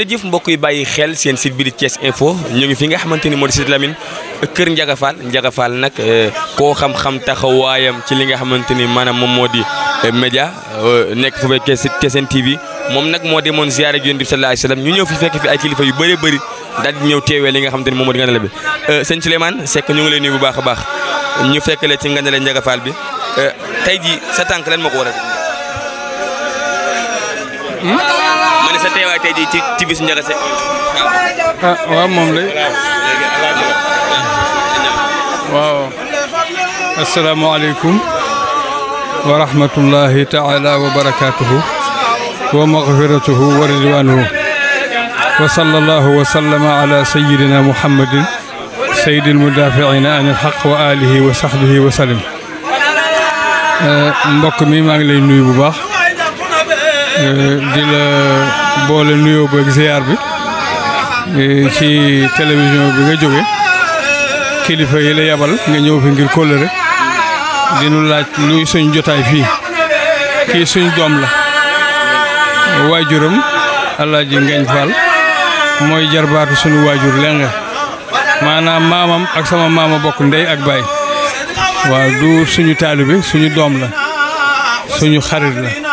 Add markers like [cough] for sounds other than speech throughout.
jërëjëf mbokk yi bàyyi xel seen site bi di Info ñu ngi fi nga xamante ni moo di Sidy kër Ndiaga Fall Ndiaga Fall nag euh, koo xam-xam taxawaayam ci li nga xamante ni maanaam moom moo di euh, média euh, nekk foofee Thiès TV moom nag moo demoon ziyaare Yonent bi sallallahu alayhi ñu ñëw fi fekk ay kilifa yu bëri bëri daal di ñëw teewee li nga xamante ni moom moo di ngandale bi sëñ Souleymane Seck ñu ngi leen nuyu bu baax a baax ñu fekk la ci ngandale Ndiaga Fall bi tey ji sa tànk lan moo ko waral hmm? taxawaay tey jii ci ci bisu Ndiaga Seck. ah waaw moom la waaw asalaamaaleykum wa rahmatullahi taala wa barakaatuhu wa magfiratuhu wa ridwanuhu wa sallallahu wa sallama ala sayidina muhammadin sayidi almudafiina an alxaq wa alihi wa sahbihi wa sallim eh, mbokk mi maa ngi lay nuyu bu baax eh, di la boole nuyoo beeg ziar bi ci télévision bi nga jóge kilifa yi la yabal nga ñëw fi ngir kóllëre di laaj luy suñ jotaay fii kii suñ doom la waajuram Alaaji Ngañ Fall mooy jarbaatu suñu waajur lenga maanaam maamam ak sama maama bokk ndey ak baay waaw du suñu taalibe suñu doom la suñu xarit la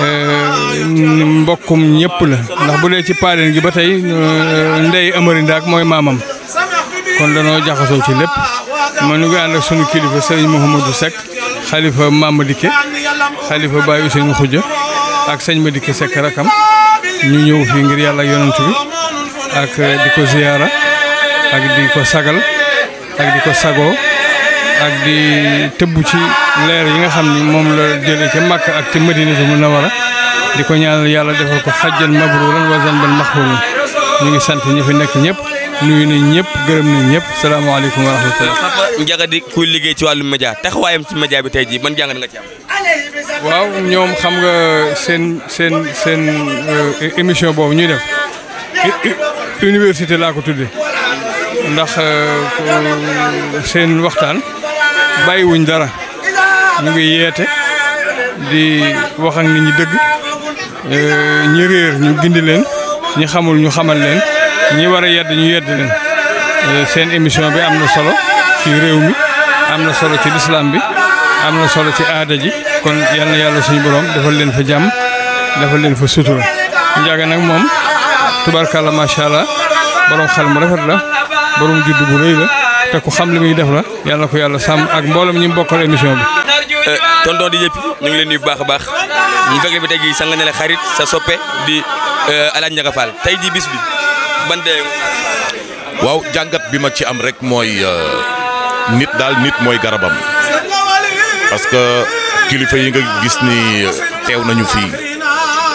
Eh, mm, mbokkum ñëpp la ndax bu dee ci paaleen gi ba tey eh, ndey Amari Ndaak mooy maamam kon danoo jaxasoo ci lépp ma nu ngi ànd ak sunu kilifa sëriñ Mouhamadou Seck xalifa Mame Madické xalifa Baye Ousseynou Khoudia ak sëñ Madické Seck rakam ñu ñëw fii ngir yàlla ak yonent bi ak di ko ziyaara ak di ko sagal ak di ko sagoo ak di tëbb ci leer yi nga xam ni moom la jëlee ca Makka ak ci ca Madinatu Munawwara di ko ñaanal yàlla defal ko xajjan mabruuran wa zanban maxfuuran ñu ngi sant ñi fi nekk ñëpp nuyu ñëpp gërëm nañ ñëpp salaamaaleykum wa rahmatulah. Njaga di kuy liggéey ci wàllu média taxawaayam ci média bi tey jii ban jàngat nga ci am. waaw ñoom xam nga seen seen seen euh, émission boobu ñuy def université laa ko tuddee. ndax euh, seen waxtaan bàyyiwuñ dara mu ngi yeete di wax ak ñi dëgg euh, ñi réer ñu gindi leen ñi xamul ñu xamal leen ñi war a yedd ñu yedd leen euh, seen émission bi am na solo ci réew mi am na solo ci lislaam bi am na solo ci aada ji kon yal na yàlla suñu borom defal leen fa jàmm defal leen fa sutura njaaga nag moom tubarkalla macha allah borom xel mu rafet la. borom judd bu rëy la te ku xam li muy def la yàlla na ko yàlla sàmm ak mboolem ñi mu bokkal émission bi. Eh, tonton di yëpp ñu ngi leen nuyu bu baax baax ñu fekkee bi tey jii sang ne la xarit sa soppe di eh, Alaaji Ndiaga tey jii bis bi man de waaw jàngat bi ma ci am rek mooy euh, nit daal nit mooy garabam parce que kilifa yi nga gis ni euh, teew nañu fii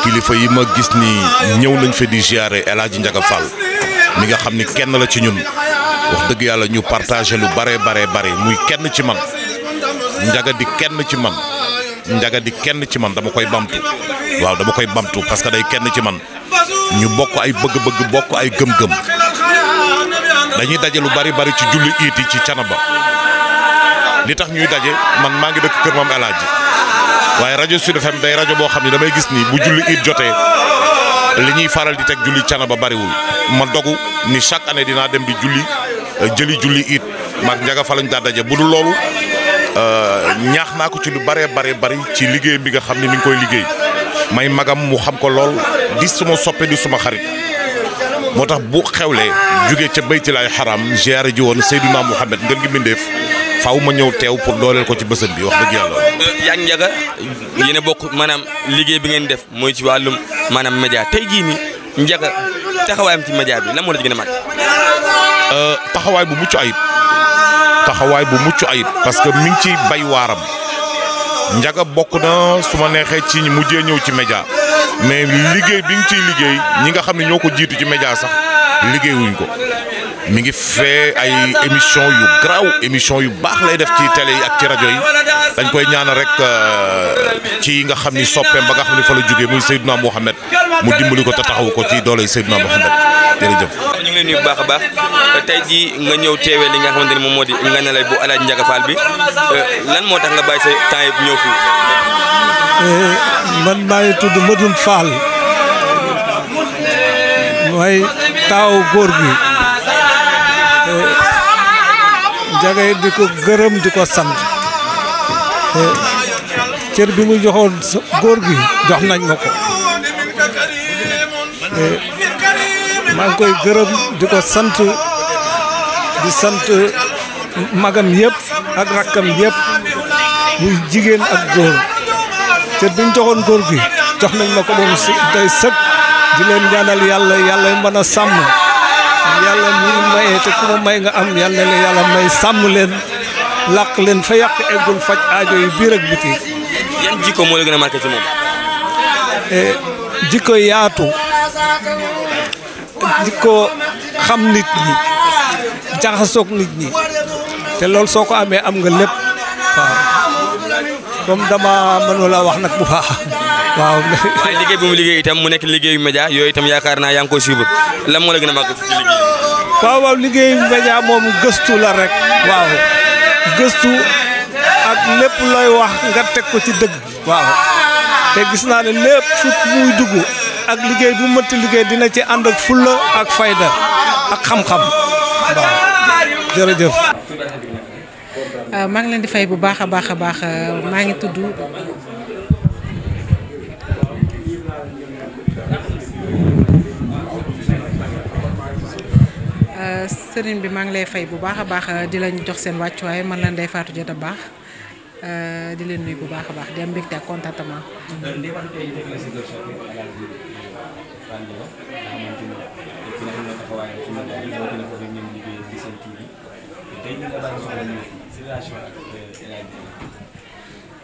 kilifa yi ma gis ni ñëw nañ fi di ziare El Hadj mi nga xam ni kenn la ci ñun wax dëgg yàlla ñu partagé lu bare bare bare muy kenn ci man njaga di kenn ci man njaga di kenn ci man dama koy bamtu waaw dama koy bamtu parce que day kenn ci man ñu bokk ay bëgg-bëgg bokk ay gëm-gëm dañuy daje lu bari bari ci julli iiti ci canaba li tax ñuy daje man maa ngi dëkk kër Maam El Hadji waaye rajo Sud day rajo boo xam ne damay gis ni bu julli iit jotee li ñuy faral di teg julli canaba bariwul ma dogu ni chaque année dinaa dem di julli euh, jëli julli it maag njaga fa lañ daa daje bu dul loolu euh, ñaax naa ko ci lu bare bare bari ci liggéey bi nga xam ne mi ngi koy liggéey may magam mu xam ko lool di suma soppe di suma xarit moo tax bu xewlee jóge ca baytilaay xaram ziyaare ji woon Seyduna Muhammad ngën gi mbindéef faaw ma ñëw teew pour dooleel ko ci bësam bi wax dëgg yàlla. yaa ngi njaga yéen bokk maanaam liggéey bi ngeen def mooy ci wàllum maanaam média tey jii nii njaga taxawaayam ci média bi lan moo la ci gën a euh, taxawaay bu mucc ayib taxawaay bu mucc ayib parce que mi ngi ci bay waaram njaga bokk na suma neexee ci mujjee ñëw ci média mais liggéey bi ngi ciy liggéey ñi nga xam ne ñoo ko jiitu ci média sax liggéeyuñ ko. mi ngi fee ay émission yu garaaw émission yu baax lay def ci télé yi ak ci rajo yi dañ koy ñaanal rek euh, ci nga xam ni soppeem ba nga xam ni fa la jógee muy Seydina Mohamed mu dimbali ko te taxawu ko ci doole Seydina Mohamed jërëjëf. ñu ngi lay baax a baax tey jii nga ñëw teewee li nga xamante ni moom moo di nga ne bu Alaaji Njaga Faal bi euh, lan moo tax nga bàyyi sa temps yëpp ñëw fii. Euh, man maa ngi tudd Modou Fall mooy taaw góor bi. jagay di ko gërëm di ko sant eh, cër bi mu joxoon góor gi jox nañ ma ko eh, maa ngi koy gërëm di ko sant di sant magam yëpp ak rakkam yëpp muy jigéen ak góor cër bi joxoon góor gi jox nañ ma ko moom si tey sëkk di leen ñaanal yàlla yàlla mën a sàmm yàlla ñu maye te ku ma may nga am yàlla yàlla may sàmm leen làkk leen fa yàq eggul faj aajo yi biir ak biti. yan jikko moo la gën eh, jikko yaatu jikko xam nit ñi jaxasoog nit ñi te lool soo ko amee am nga lépp waaw comme dama mënula wax nag bu baax. waaw [laughs] waaye liggéey bu mu liggéey itam mu nekk liggéeyu média yooyu itam yaakaar naa yaa ngi ko suivre lan moo la gën a màgg liggéey waaw waaw liggéeyu média la lépp looy wax nga teg ko ci dëgg waaw te gis naa ne lépp fu muy dugg ak liggéey bu mënti liggéey dina ci ànd ak fulla ak fayda ak xam-xam waaw euh, maa ngi leen di fay bu baax a baax a baax euh, maa ngi tudd Euh, sëriñ bi maa ngi lay fay bu baax a baax di lañ jox seen wàccuwaay man la Ndeye Fatou Diatta baax euh, di leen nuyu bu baax a baax dem am te ak contentement.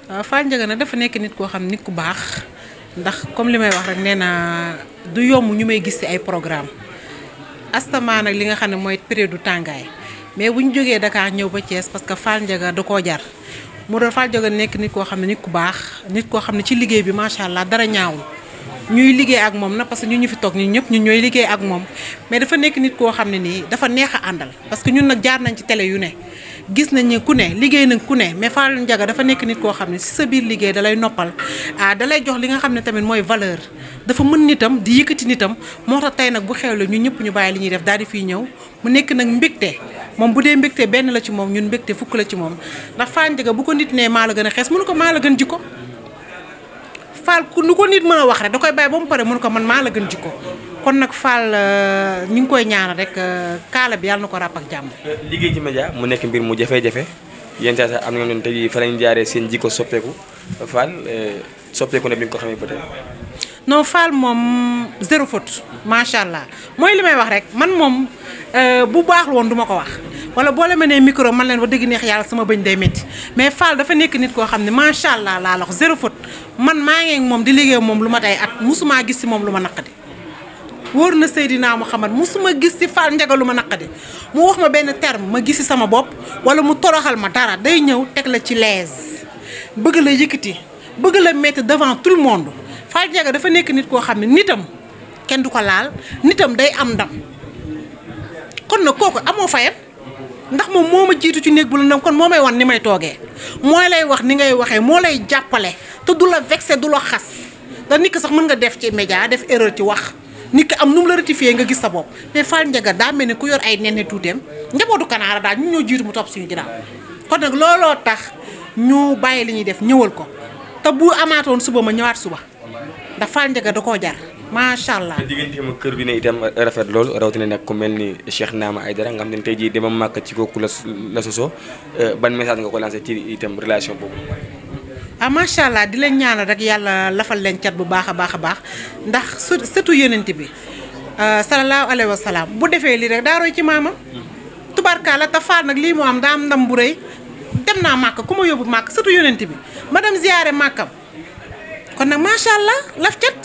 waaw euh, dafa nekk nit koo xam nit ku baax ndax comme li may wax rek nee na du yomb ñu may gis ci ay programme astamaa nag li nga xam ne mooy période du tàngaay mais bu ñu jógee Dakar ñëw ba Thiès parce que Fall Ndiaga da koo jar mu doon Fall Ndiaga nekk nit koo xam ne nit ku baax nit koo xam ne ci liggéey bi macha allah dara ñaawul ñuy liggéey ak moom na parce que ñun ñu fi toog ñun ñëpp ñun ñooy liggéey ak moom mais dafa nekk nit koo xam ne nii dafa neex a àndal parce que ñun nag jaar nañ ci tele yu ne gis nañ ne ku ne liggéey na ku ne mais Fallou Ndiaga dafa nekk nit koo xam ne si sa biir liggéey dalay noppal ah dalay jox li nga xam ne tamit mooy valeur dafa mën nitam di yëkkati nitam moo tax tey nag bu xew la ñu ñëpp ñu bàyyi li ñuy def daal di fiy ñëw mu nekk nag mbégte moom bu dee mbégte benn la ci moom ñun mbégte fukk la ci moom ndax Fallou Ndiaga bu ko nit nee maa la gën a xees mënu ko maa la gën jikko Fall ku nu ko nit mën a wax rek da koy bàyyi ba mu pare mënu ko man maa la gën jikko kon nag Fall euh, ñu ngi koy ñaanal rek euh, kaala bi yàlla na ko ràpp ak jàmm. liggéey ci média mu nekk mbir mu jafe-jafe yenn saa sax am na ñooñu seen jikko soppeeku Fall euh, soppeeku ne bi nga ko xamee moom zéro faute macha li may wax rek man moom bu baax woon du ma ko wax. wala boo leen mënee micro man leen ba dëgg neex yàlla sama bëñ day métti mais Fall dafa nekk nit koo xam ne macha allah laa lox zéro faute man maa ngi moom di liggéey moom lu ma tay at musuma gis si moom lu ma naqadi. wóor na Seydina Muhammad musuma gis ci Fall Ndiaga lu ma naqadi moo wax ma benn terme ma gis gisi sama bopp wala mu toroxal ma dara day ñëw teg la ci l'aise bëgg la yëkkati bëgg la mettre devant tout le monde Fall Ndiaga dafa nekk nit koo xam ne nitam kenn du ko laal nitam day am ndam kon na kooku amoo fayam ndax moom moo ma jiitu ci néeg bu la ndam kon moo may wan ni may toogee mooy lay wax ni ngay waxee moo lay jàppale te du la vexé du la xas da nit sax mën nga def ci média def erreur ci wax nit ki am nu mu la ratifié nga gis sa bopp mais Fall Ndiaga daa mel ne ku yor ay nenne tuuteem njabootu Kanaara daal ñu ñoo jiitu mu topp jinaa ko kon nag looloo tax ñu bàyyi li ñuy def ñëwal ko te bu amaatoon suba ma ñëwaat suba ndax Fall Ndiaga da koo jar macha allah. te digganteem kër gi ne itam rafet loolu rawatina nag ku mel ni Cheikh Naama Aidara nga xam ne tey jii dama màkk ci kooku la la sosoo euh, ban message nga ko lancé ci itam relation boobu. ah macha allah di leen ñaanal rek yàlla lafal leen cat bu baax a baax a baax ndax su sëtu yonent bi euh, salallaahu alayhi wa salaam bu defee lii rek daa roy ci maamam. tubarkaala te faal nag lii mu am daa am ndam bu rëy dem naa màkk ku ma yóbbu màkk sëtu yonent bi ma dem ziyaare màkkam kon nag macha allah laf cat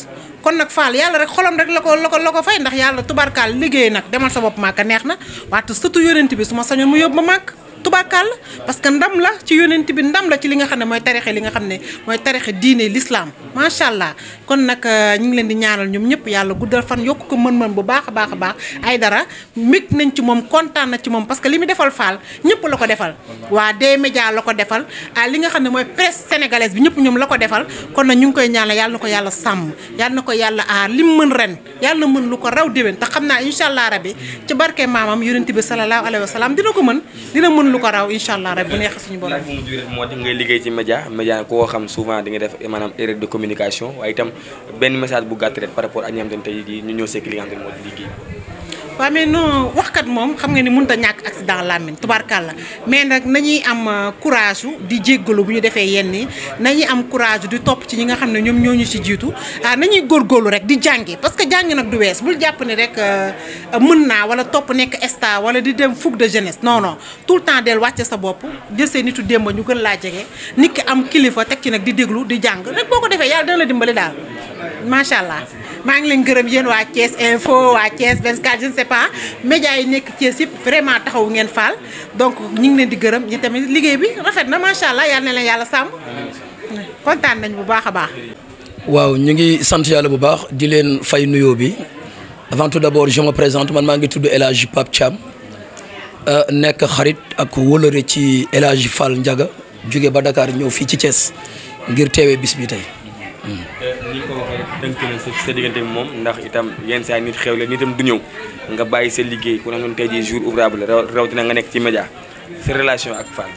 kon nag faal yàlla rek xolam rek la ko la ko la ko fay ndax yàlla tubarkaal liggéey nag demal sa bopp màkk neex na waate sëtu yonent bi su ma sañoon mu yóbbu ma màkk. tubaakaal parce que ndam la ci yonent bi ndam la ci li nga xam ne mooy tarixe li xam ne mooy tarixe diine l'islam macha allah kon nag euh, ñu ngi leen di ñaanal ñoom ñëpp yàlla guddal fan yokk ko mën-mën bu baax a baax a baax ay dara mik nañ ci moom kontaan na ci moom parce que li mu defal faal ñëpp la ko defal waa D-Média la ko defal ah li nga xam ne mooy presse sénégalaise bi ñëpp ñoom la ko defal kon na ñu ngi koy ñaanal yàlla na ko yàlla sàmm yàlla na ko yàlla aar li mu mën ren yàlla mën lu ko raw déwén te xam naa incha allah rabbi ci barke maamam yonent bi sallallahu alayhi wa sallam dina ko mën dina mën lu ko raw incha allah rek bu neex suñu borom mu mujj ngay liggéey ci média média koo xam souvent di nga def maanaam erreur de communication waaye itam benn message bu gàtt rek par rapport ak ñi nga tey ñu ñëw see client moo di liggéey waaw mais non waxkat moom xam nga ni mun ta ñàkk accident làmmiñ la mais nag nañuy am euh, courage di jéggalu bu ñu defee yenn yi nañuy am courage di topp ci ñi nga xam ne ñoom ñoo ñu ci jiitu ah nañuy góorlu rek di jàngi parce que jàngi nag du wees bul jàpp ni rek euh, mën naa wala topp nekk esta wala di dem fougue de jeunesse non non tout le temps del wàcce sa bopp jël see nitu démb ñu gën laa jege nit ki am kilifa teg ci nag di déglu di jàng rek boo ko defee yàlla dana dimbali daal macha allah. maa ngi leen gërëm yéen waa Thiès info waa Thiès 24 je ne sais pas média yi nekk Thiès yëpp vraiment taxaw ngeen faal donc ñu ngi leen di gërëm ñi tamit liggéey bi rafet na macha allah yal na leen yàlla sàmm kontaan nañ bu baax a baax. waaw ñu ngi sant yàlla bu baax di leen fay nuyoo bi avant tout d'abord je me man maa ngi tudd El Hadj Pape Thiam euh, nekk xarit ak wóolare ci El Hadj njaga jóge ba ndakaar ñëw fii ci Thiès ngir teewee bis bi tey. Hmm. Euh, dënk moom ndax itam yenn saa nit xew la nitam du ñëw nga bàyyi sa liggéey ku ne xam ne tey jii jour ouvrable rawatina nga nekk ci média sa relation ak Fall.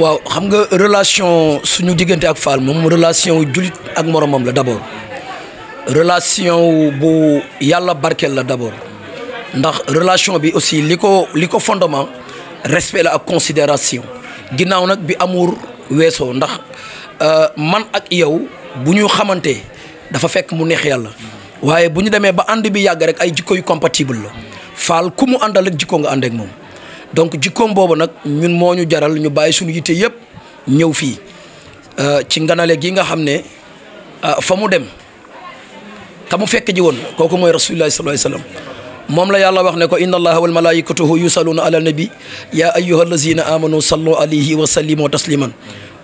waaw xam nga relation suñu diggante ak Fall moom relation julit ak moromam la d'abord relation bu yàlla barkeel la d'abord ndax relation bi aussi li ko li ko fondement respect la ak considération ginnaaw nag bi amur weesoo ndax euh, man ak yow bu ñu xamante dafa fekk mu neex yàlla waaye bu ñu demee ba ànd bi yàgg rek ay jikko yu compatible la faal ku mu àndal ak jikko nga àndeek moom donc jikkoom boobu nag ñun moo ñu jaral ñu bàyyi suñu yitte yëpp ñëw fii euh, ci nganale gi nga xam ne euh, fa mu dem ka mu fekk ji woon kooku mooy rasulullah sallallahu alayhi wasallam moom la yàlla wax ne ko inna allaha wal malaikatahu yusalluna ala nabi ya ayyuha allazina amanu sallu alayhi wa sallimu tasliman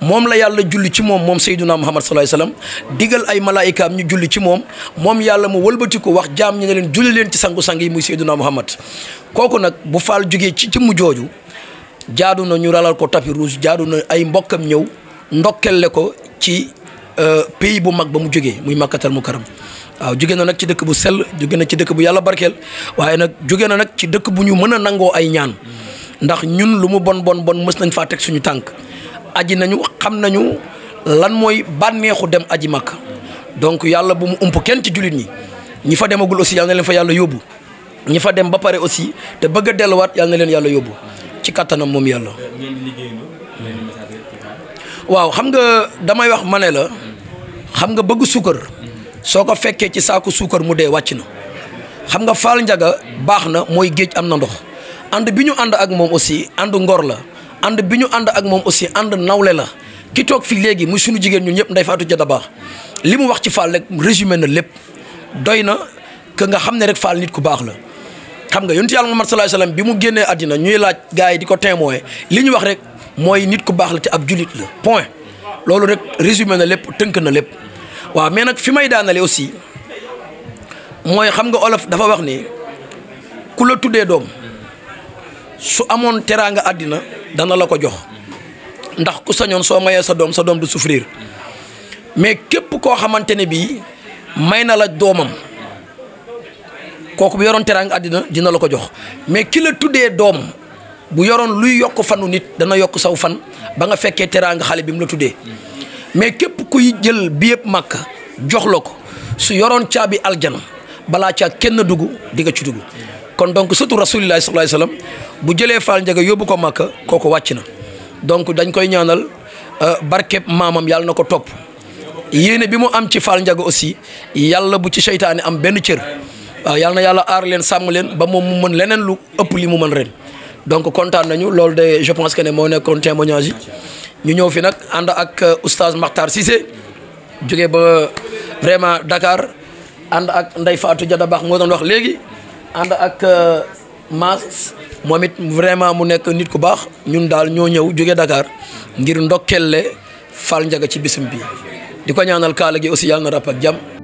moom la yàlla julli ci moom moom sayduna muhammad sallallahu alayhi wasallam digal ay malaayikaam ñu julli ci moom moom yàlla mu wëlbati ko wax jaam ñi ne leen julli leen ci sangu-sang yi muy sayduna muhammad kooku nag bu faal jógee ci ci mu jooju jaadu na ñu ralal ko tapis rouge jaadu na ay mbokkam ñëw ndokkelle ko ci euh, pays bu mag ba mu jógee muy màkkatal mu karam waaw jóge na nag ci dëkk bu sel jóge na ci dëkk bu yàlla barkeel waaye nag jóge na nag ci dëkk bu ñu mën a nangoo ay ñaan ndax ñun lu mu bon bon bon mës nañ faa suñu tànk aji nañu xam nañu lan mooy bànneexu dem aji makka donc yàlla bu mu ump kenn ci jullit ñi ñi fa demagul aussi yàlla na leen fa yàlla yóbbu ñi fa dem ba pare aussi te bëgg delluwaat yàlla na leen yàlla yóbbu ci kattanam moom yàlla. waaw xam nga damay wax ma ne la xam nga bëgg suukar soo ko fekkee ci saaku suukar mu dee wàcc na xam nga faal njaga baax na mooy géej am na ndox ànd bi ñu ànd ak moom aussi ànd ngor la. ànd bi ñu ànd ak moom aussi ànd nawle la ki toog fii léegi muy sunu jigéen ñu ñëpp nday faatu a baax li mu wax ci Fall rek résumé na lépp doy na ka nga xam ne rek Fall nit ku baax la xam nga yonent yàlla Muhammad sallallahu bi mu génnee àddina ñuy laaj gars yi di ko témoin li ñu wax rek mooy nit ku baax la te ab julit la point loolu rek résumé na lépp tënk na lépp waaw mais nag fi may daanale aussi mooy xam nga olof dafa wax ni ku la tuddee doom su amoon teraanga àddina dana la ko jox ndax ku sañoon soo mayee sa doom sa doom du souffrir mais képp koo xamante ne bii may na la doomam kooku bu yoroon teraanga àddina dina la ko jox mais ki la tuddee doom bu yoroon luy yokk fanu nit dana yokk saw fan ba nga fekkee teraanga xale bi mu la tuddee mais képp kuy jël bi yëpp màkk jox la ko su yoroon caabi aljana balaa caa kenn dugg di nga ci dugg kon donc surtout rasulillahi sallallahu alayhi wasallam bu jëlee faal njaga yóbbu ko màkka kooku wàcc na donc dañ koy ñaanal euh, barkeb maamam yàlla na ko topp yéene bi mu am ci faal njaga aussi yàlla bu ci seytaane am benn cër waaw yàlla yàlla aar leen sàmm leen ba moom mën leneen lu ëpp li mu mën ren donc kontaan nañu loolu de je pense que ne moo nekkoon témoignage ñu ñëw fi nag ànd ak euh, oustaz Makhtar Cissé jóge ba vraiment dakaar ànd ak Ndeye Fatou Diada baax moo da ndox léegi ànd ak euh, Mass moom it vraiment mu nekk nit ku baax ñun daal ñoo ñëw jóge dakaar ngir ndokkelle Fall Ndiaga ci bisam bi di ko ñaanal kaala gi aussi yàlla na ràpp ak jàmm